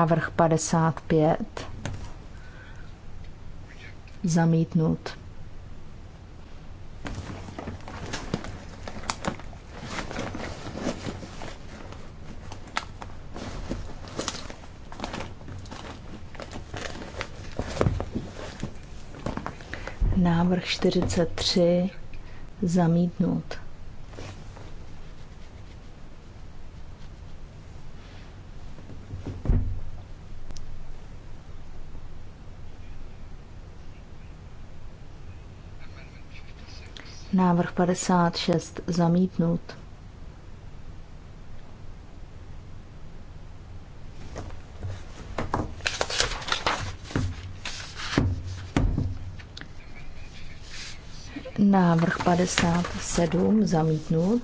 Návrh 55. Zamítnut. Návrh 43 zamítnut. Návrh 56 zamítnut. Návrh 57 zamítnut.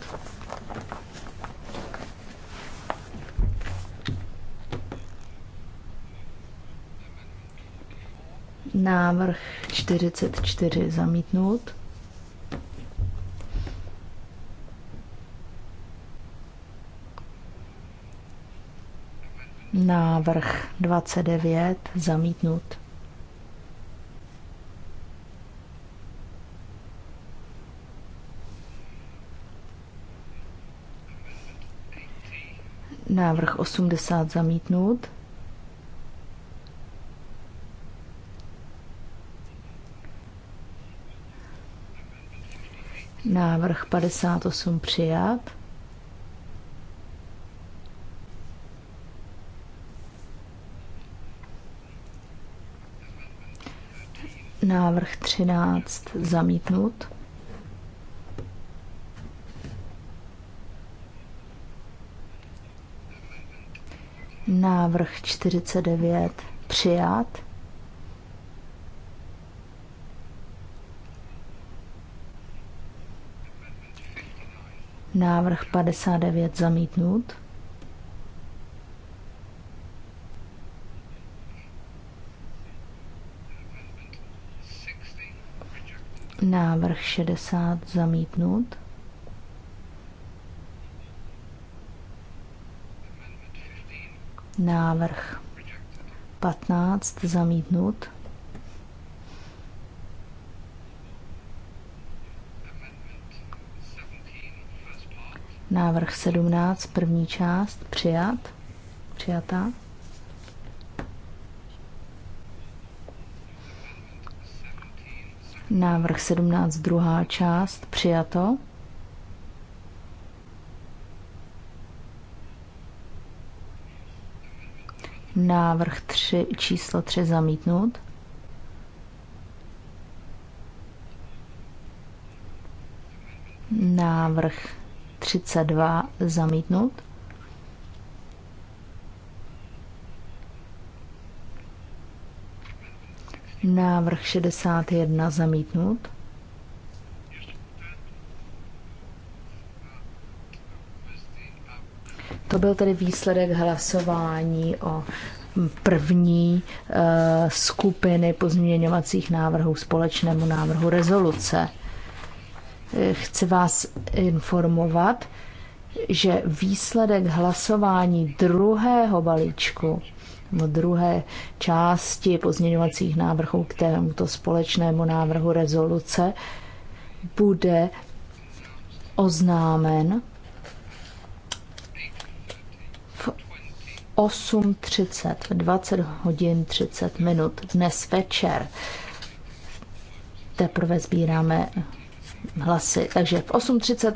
Návrh 44 zamítnut. Návrh 29 zamítnut. Návrh 80 zamítnut. Návrh 58 přijat. Návrh 13 zamítnut. Návrh 49 přijat. Návrh 59 zamítnut. Návrh 60 zamítnut. Návrh 15 zamítnut. Návrh 17, první část, přijat, přijatá. Návrh 17, druhá část, přijato. Návrh 3, číslo 3 zamítnut. Návrh 32 zamítnut. Návrh 61 zamítnut. To byl tedy výsledek hlasování o první uh, skupiny pozměňovacích návrhů společnému návrhu rezoluce. Eh, chci vás informovat, že výsledek hlasování druhého balíčku druhé části pozměňovacích návrhů k tomuto společnému návrhu rezoluce bude oznámen v 8.30, v 20 hodin 30 minut dnes večer. Teprve sbíráme hlasy. Takže v 8.30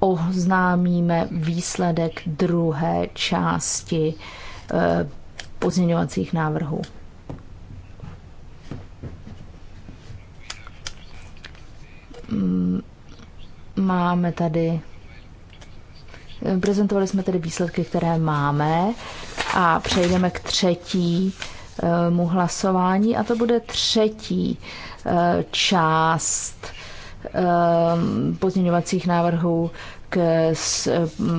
oznámíme výsledek druhé části eh, pozměňovacích návrhů. Mm, máme tady Prezentovali jsme tedy výsledky, které máme a přejdeme k třetímu eh, hlasování a to bude třetí eh, část eh, pozměňovacích návrhů k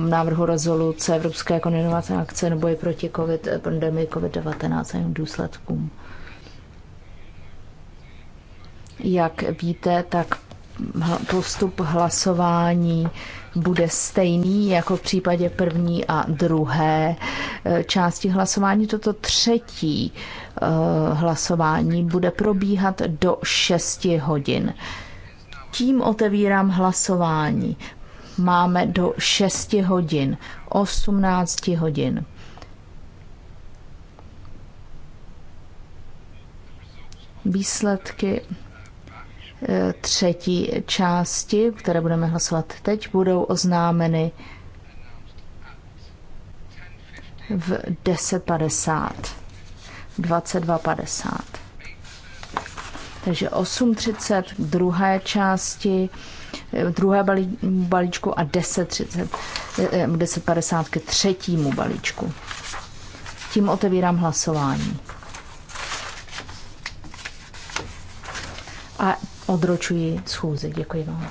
návrhu rezoluce Evropské koordinace akce nebo je proti COVID, pandemii COVID-19 a důsledkům. Jak víte, tak postup hlasování bude stejný jako v případě první a druhé eh, části hlasování. Toto třetí eh, hlasování bude probíhat do 6 hodin. Tím otevírám hlasování máme do 6 hodin, 18 hodin. Výsledky eh, třetí části, které budeme hlasovat teď, budou oznámeny v 10.50, 22.50. Takže 8.30 druhé části Eh, druhé balíčku a 10.30, 10.50 eh, eh, ke třetímu balíčku. Tím otevírám hlasování. A odročuji schůzi. Děkuji vám.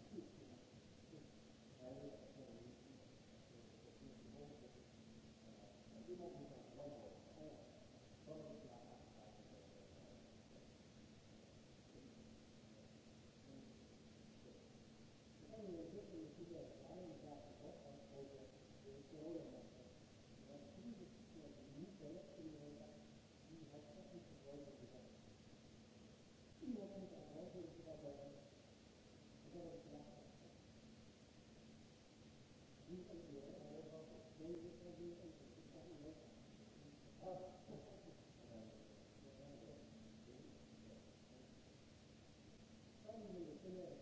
Thank you.